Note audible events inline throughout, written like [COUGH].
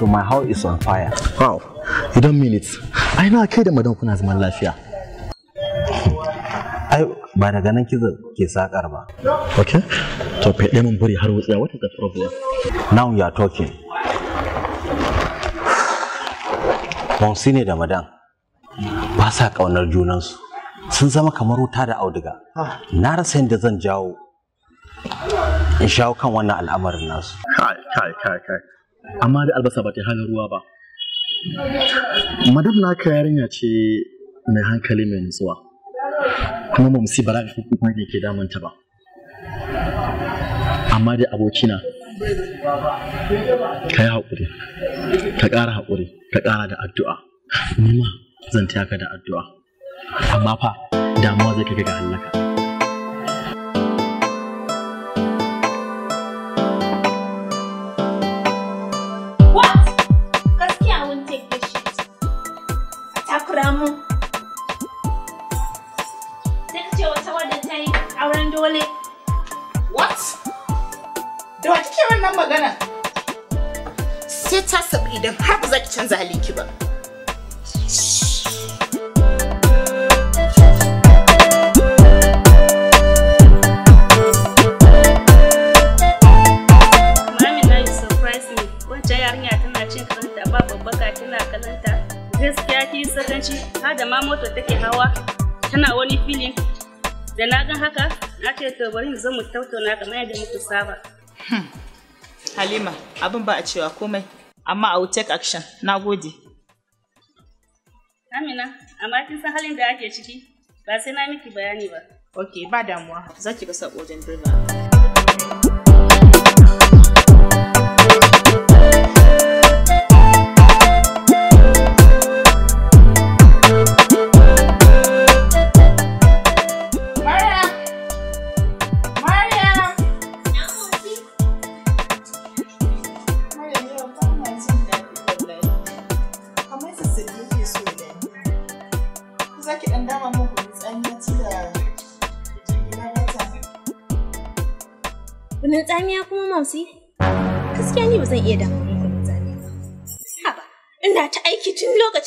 to my house is on fire. Wow, you don't mean it. I know kai da madam kuna zaman lafiya. [LAUGHS] Ai ba daga nan kiza ke sakar ba. Okay. To fede mun buri har wutsiya what is the problem? Now you are talking. Bonsi ne da madam. ba sa kaunar junansu. Sun zama kamar wuta da auduga. Ah. Na rasa yadda zan jawo in shawo kan wannan al'amarin nasu. Kai, kai, kai, kai. amma da albasa ba ta halin ruwa ba madam na yarinya ce mai hankali mai nutsuwa kuma mamsi ba za ka kuma ne ke damanta ba amma da abokina ka yi haƙuri ka ƙara haƙuri ka ƙara da addu'a nima zan taya ka da addu'a amma fa damuwa zai kai ga hallaka ce wannan magana? Sai ta sabu idan har ba za ki canza halinki ba. gaskiya ki sakanci da ma moto take hawa tana wani filin da na gan haka na ce to bari mu zo mu tattauna kamar yadda muka saba Halima, abin ba a cewa komai, amma a will take action. Na gode. Amina, amma kin san halin da ake ciki? Ba sai na miki bayani ba. Ok, ba damuwa. Zaki ki ga wajen driver.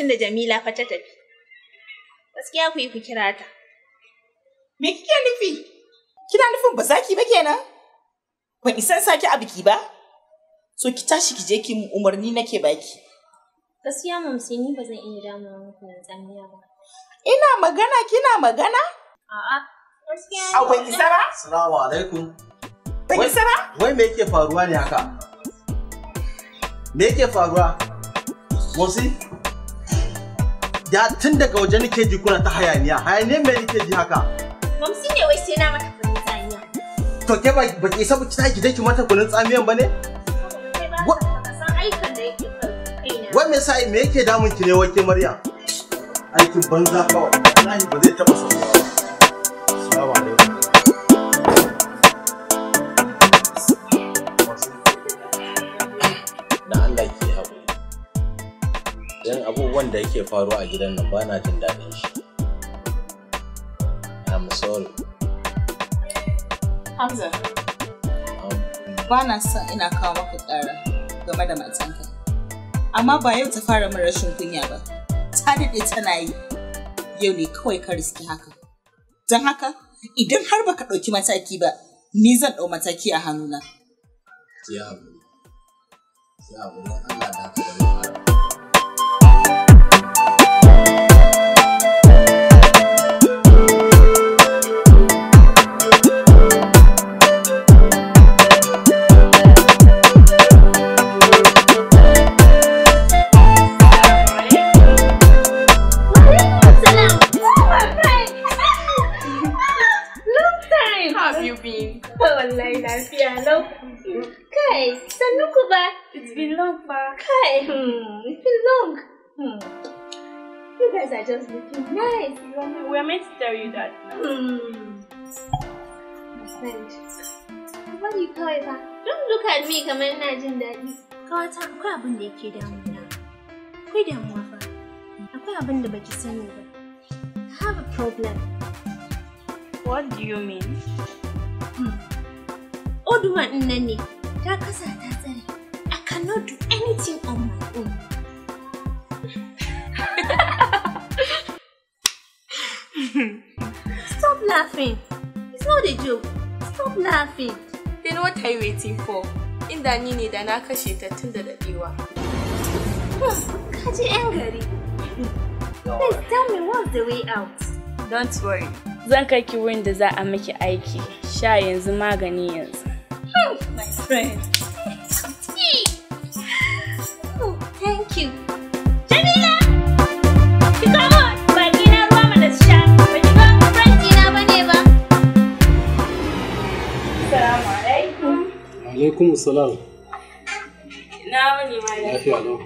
lokacin da Jamila fa ta tafi. Gaskiya ku yi ku kira ta. Me kike nufi? Kina nufin ba zaki ba kenan? Ban isan saki a biki ba? So ki tashi ki je ki umarni nake baki. Gaskiya mamsi ni ba zan iya damuwa muku da tsamiya ba. Ina magana kina magana? A'a. Gaskiya. Akwai isa ba? Assalamu alaikum. Ban isa ba? Wai me yake faruwa ne haka? Me yake faruwa? Mosi? ya tun daga waje nake ji kuna ta hayaniya hayaniya me nake ji haka mamsi ne wai sai na mata kunin tsamiya to ke ba ba ke sabu kita ki dake mata kunin tsamiyan ba ne san aikin da yake kaina wai me sai me yake damun ki ne wai ke Maryam aikin banza kawai wallahi ba zai taba sauka assalamu alaikum Idan abubuwan da yake faruwa a gidan nan ba na jin daɗin shi I'm sorry Hamza um, ba na son ina kawo maka ƙara game da matsanka amma ba yau ta fara min rashin kunya ba ta daɗe tana yi yau ne kawai ka riski haka don haka idan har baka ɗauki mataki ba ni zan ɗau mataki a hannuna. Ya abu, ya Allah da haka da guys are just looking nice. We are meant to tell you that. Mm. friend, what do you call it? Don't look at me, come and imagine daddy. Kawata, akwai abin da yake damuna. Akwai damuwa fa. Akwai abin da baki sani ba. I have a problem. What do you mean? Hmm. Oduwa nan ne, ta kasa ta tsare. I cannot do anything on laughing. It's not a joke. Stop laughing. Then what are you waiting for? In the nini da na kashe ta tun da dadewa. Kaji yan gari. Please tell me what's the way out. Don't worry. Zan kai ki wurin da za a miki aiki. Sha yanzu magani yanzu. My friend. alaikum salam na wani ma lafiya lau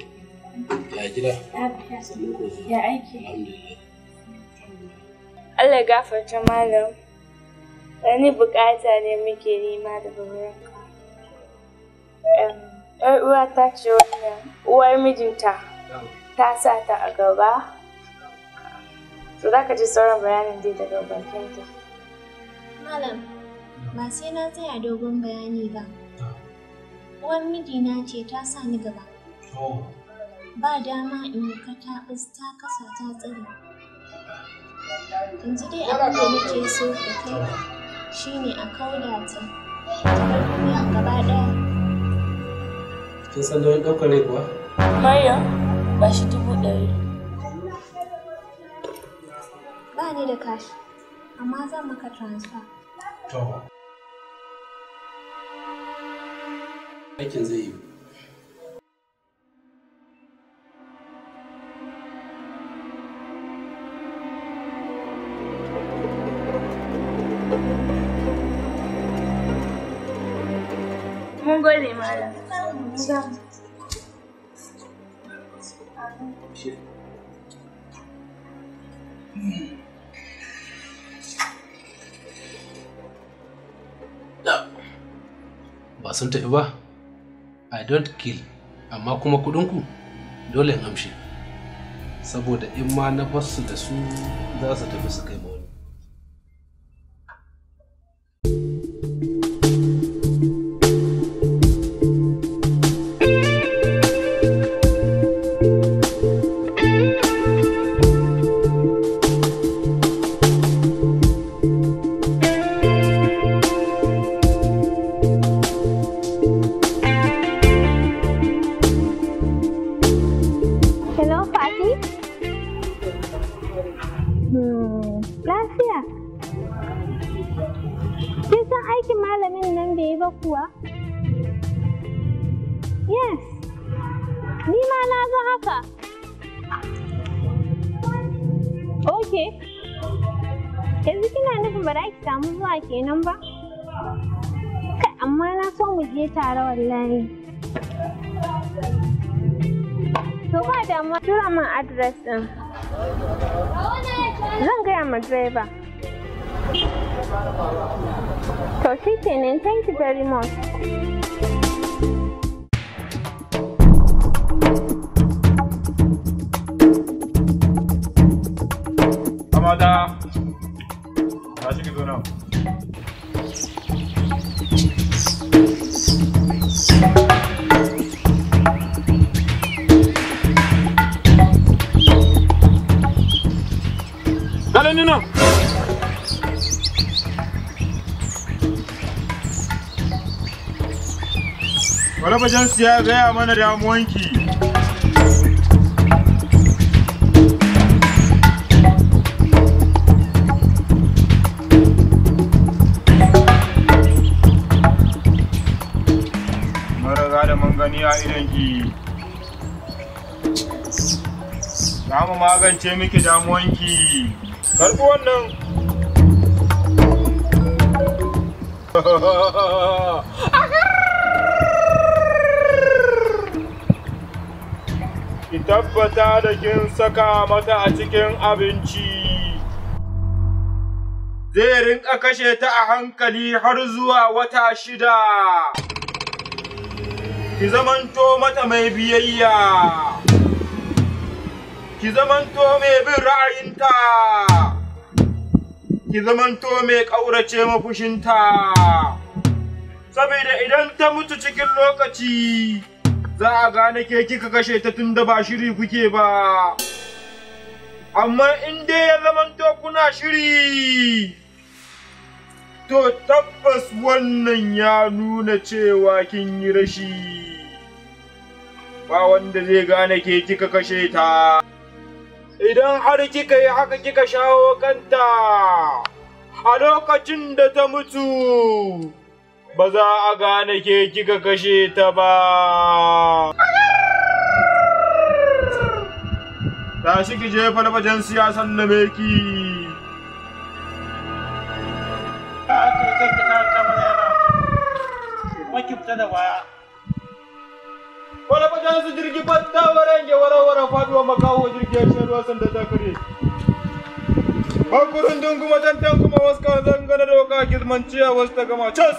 ya gida ya aiki Allah gafarta malam wani bukata ne muke nema daga wurinka ‘yar uwa ta ce wannan uwar mijinta ta sa ta a gaba to za ka ji sauran bayanin dai daga bakinta malam ba sai na tsaya dogon bayani ba uwar mijina ce ta sa ni gaba. Oh. Ba dama in yi kataɓis ta kasa ta tsiri. Yanzu dai abin da nake so da kai shi ne a kauda ta, ta gaba ɗaya. Kin san da wani ɗaukar ne kuwa? Maryam, ba shi dubu ɗari. Ba ni da kashi, amma zan maka transfer. aikin zai yi Mun gode malam. Ba sun tafi ba? I don't kill amma kuma ku dole in amshi saboda in ma na fasu da su za su tafi su kai damuwa tura min adres ɗin. Zan gaya ma direba. To shi kenan, thank you very much. Amada, ta shi ki zo nan. bajen siya gaya mana damuwanki. Maraga da mun gani a idonki. Za mu magance miki damuwanki. Karɓi wannan. [LAUGHS] ki tabbata da kin saka mata a cikin abinci. Zai rinƙa kashe ta a hankali har zuwa wata shida. Ki zamanto mata mai biyayya. Ki zamanto mai bin ra'ayinta. Ki zamanto mai ƙaurace mafushinta. Saboda idan ta mutu cikin lokaci, za a gane ke kika kashe ta tunda ba shiri kuke ba. Amma in dai ya zamanto kuna shiri, to tabbas wannan ya nuna cewa kin yi rashi. Ba wanda zai gane ke kika kashe ta. Idan har kika yi haka kika shawo kanta, a lokacin da ta mutu. ba za a gane ke kika kashe ta ba. Tashi ki jefa na bajen siyasan na meki. Makifta da baya. Wani bajen su jirgi fatta waren ya wara-wara faduwa makawo jirgi ya shan ruwa sanda ta kare. Bakurin dungu majantan kuma wasu kan zangana da waka gizmanciya wasu ta gama cas.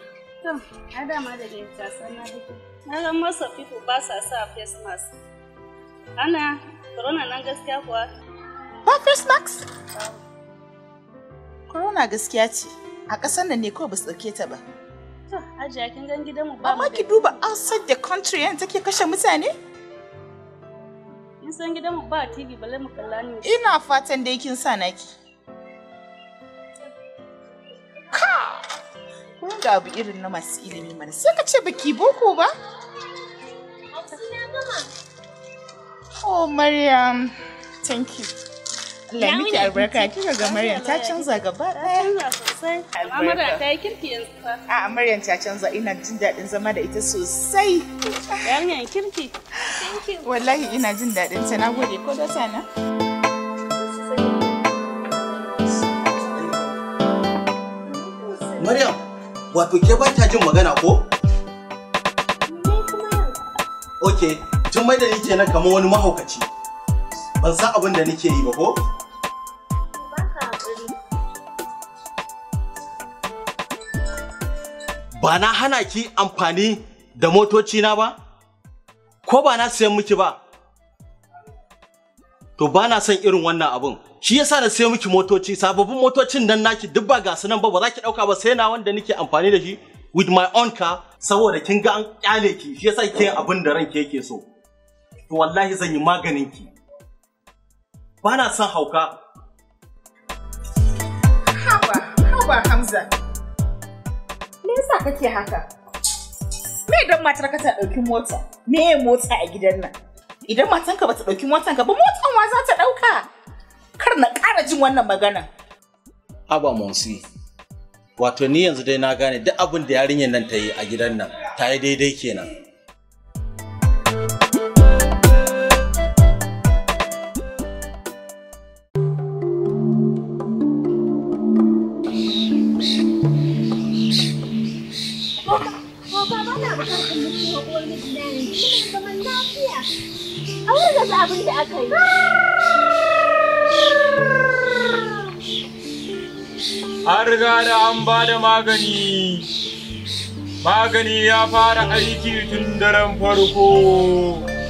To, ai dama da jasan na fito. Na ga masa fito ba sa sa face mask. Ana, corona nan gaskiya kuwa. Ba face mask? Corona gaskiya ce. A ƙasar nan ne kawai ba su ɗauke ta ba. To, ajiya kin gan gidanmu ba. Amma ki duba outside the country yan take kashe mutane? Kin san gidanmu ba TV balle mu kalla ni. Ina fatan dai kin sa naki. kuma ga abu irin na masu ilimi mana sai ka ce baki boko ba oh maryam thank you Allah miki albarka kika ga Maryam ta canza gaba daya. Amara ta yi kirki yanzu fa. A Maryam ta canza ina jin daɗin zama da ita sosai. Yarinyar kirki. Thank you. Wallahi ina jin daɗin ta. Nagode ko da sana. Maryam Wato ke ba ta jin magana ko? Ok, tun mai da ni nan kamar wani mahaukaci. Ban san abin da nike yi ba ko? Ba na hana ki amfani da motoci na ba? Ko ba na sayan miki ba? To ba na son irin wannan abun. shi yasa na sayo miki motoci sababbin motocin nan naki duk ba gasu nan ba ba za ki dauka ba sai na wanda nake amfani da shi with my own car saboda kin ga an kyale ki shi yasa kike abin da ranki yake so to wallahi zan yi maganin ki ba na son hauka hawa hawa hamza me yasa kake haka me don matar ka ta dauki mota me motsa a gidan nan idan matanka ba ta dauki motanka ba motan wa za ta dauka fara jin wannan magana. Aba Monsi, wato ni yanzu dai na gane duk abin da yarinyar nan ta yi a gidan nan ta yi daidai kenan. Har riga da an ba magani magani ya fara aiki tun daren farko ba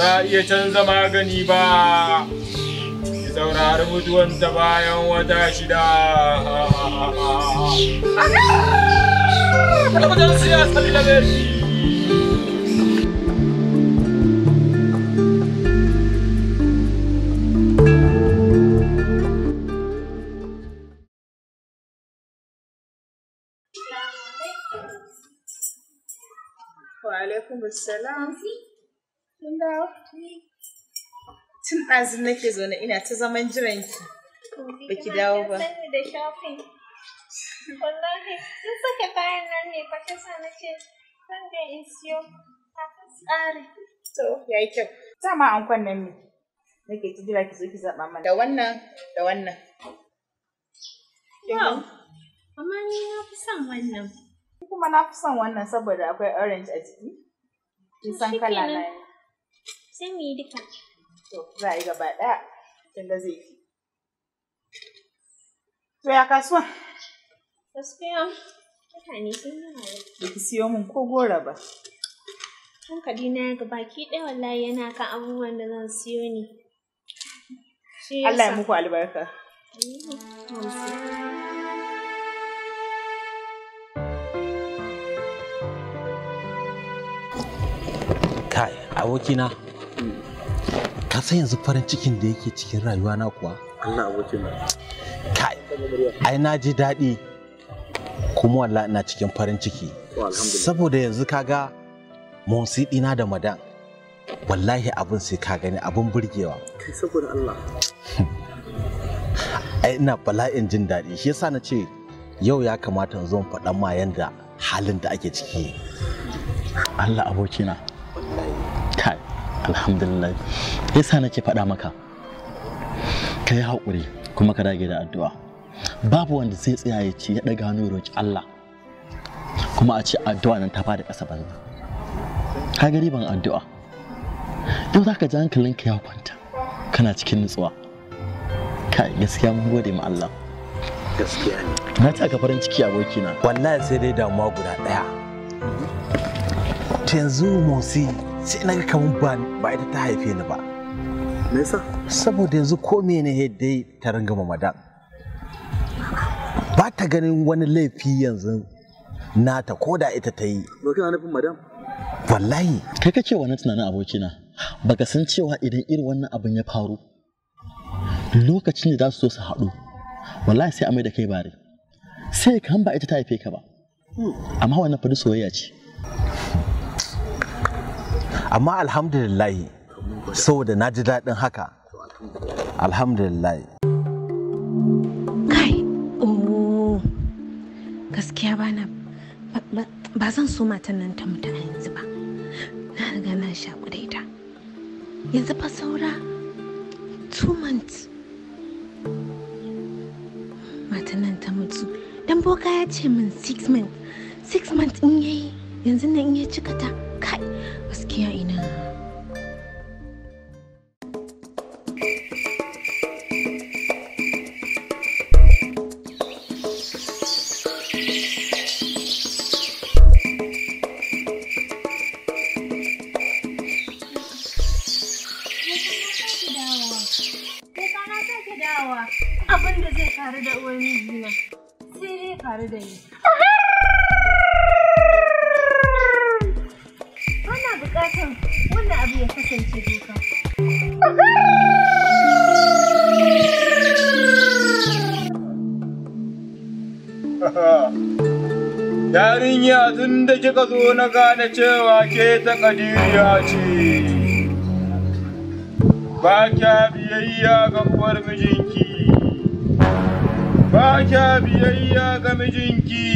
za a iya canza magani ba ki saurari ta bayan wata shida ha ha alaikum assalam. Kin Tun ɗazun nake zaune ina ta zaman jiran ki. Ba ki dawo ba. da shopping. Wallahi sun saka kayan nan ne fa ta sa na ce zan ga in siyo kafin tsari. To ya yi kyau. Dama an kwannan ne. Nake ta jira ki zo ki zaɓa mana. Da wannan da wannan. Wow. Amma ni na fi son wannan. Kuma na fi son wannan saboda akwai orange a jiki? kin san kala na sai mu yi duka to za a yi gaba ɗaya kin ga zai fi to ya kasuwa gaskiya mutane sun yi yawa ba ki siyo min ko gora ba hankali na ga baki ɗaya wallahi yana kan abubuwan da zan siyo ne Allah ya muku albarka. Mm -hmm. kai abokina ka san yanzu farin cikin da yake cikin rayuwa na kuwa Allah abokina kai ai na ji daɗi kuma wallahi ina cikin farin ciki saboda yanzu kaga monsi ɗina da madan wallahi abin sai ka gani abin burgewa kai saboda Allah ai ina bala'in jin daɗi shi yasa na ce yau ya kamata in zo faɗan ma yanda halin da ake ciki Allah abokina alhamdulillah yasa nake faɗa maka ka yi haƙuri kuma ka dage da addu'a babu wanda zai tsaya ya ce ya daga hannu roƙi Allah kuma a ce addu'a nan ta fada ƙasa banza ka gari ban addu'a yau za ka ji ka ya kwanta kana cikin nutsuwa kai gaskiya mun gode ma Allah gaskiya ne na taka farin ciki abokina wallahi sai dai damuwa guda ɗaya yanzu motsi sai na ga kamar ba ba ita ta haife ni ba me yasa saboda yanzu ko ne dai ta ringa madam ba ta ganin wani laifi yanzu nata ko da ita ta yi to kana nufin madam wallahi kai kake wani tunanin abokina baka san cewa idan irin wannan abin ya faru lokacin da za su so su haɗu wallahi sai a mai da kai bare sai ka ba ita ta haife ka ba hmm. amma wannan fadi soyayya ce amma alhamdulillahi saboda na ji daɗin haka alhamdulillahi kai oh, gaskiya ba na ba zan so matan nan ta mutu a yanzu ba na riga na sha da yanzu fa saura two months matan nan ta mutu dan boka ya ce min six months six months in yayi yanzu nan in ya cika ta kai ya Ina. Yarinya tun da kika zo na gane cewa ke ta kadiriya ce. Ba kya biyayya ga uwar mijinki. Ba kya biyayya ga mijinki.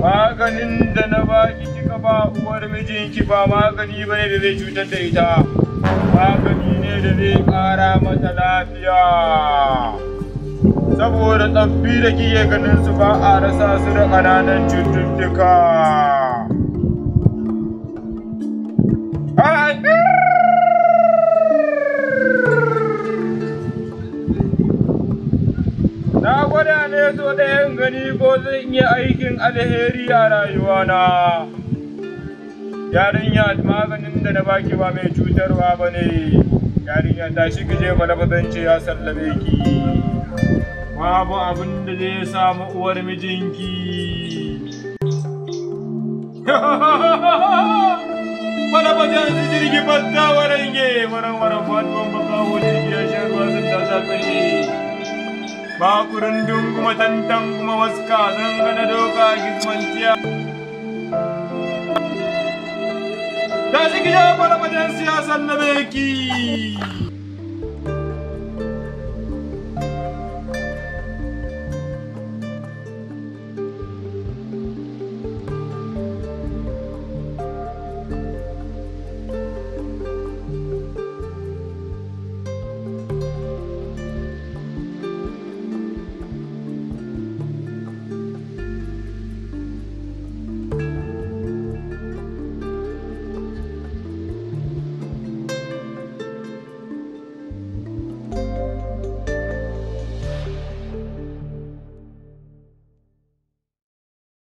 Maganin da na baki kika ba uwar mijinki ba magani ne da zai cutar da ita. Magani ne da zai ƙara mata lafiya. saboda tsaffi da kiye ganin su ba a rasa su da ƙananan cututtuka. Na gwada ne so ɗayan gani ko zan iya aikin alheri a rayuwana. Yarinya maganin da na baki ba mai cutarwa ba ne. Yarinya tashi ki je ce ya sallame ki. babu abin da zai samu uwar mijinki wala [LAUGHS] ba zan su jirgi fasta waran ge waran waran fatuwan baka wuce ya shan ruwa sun ta zafi bakurin dun kuma tantan kuma waska zan gana doka gizmantiya ta shi gida kwalabatan siyasar na beki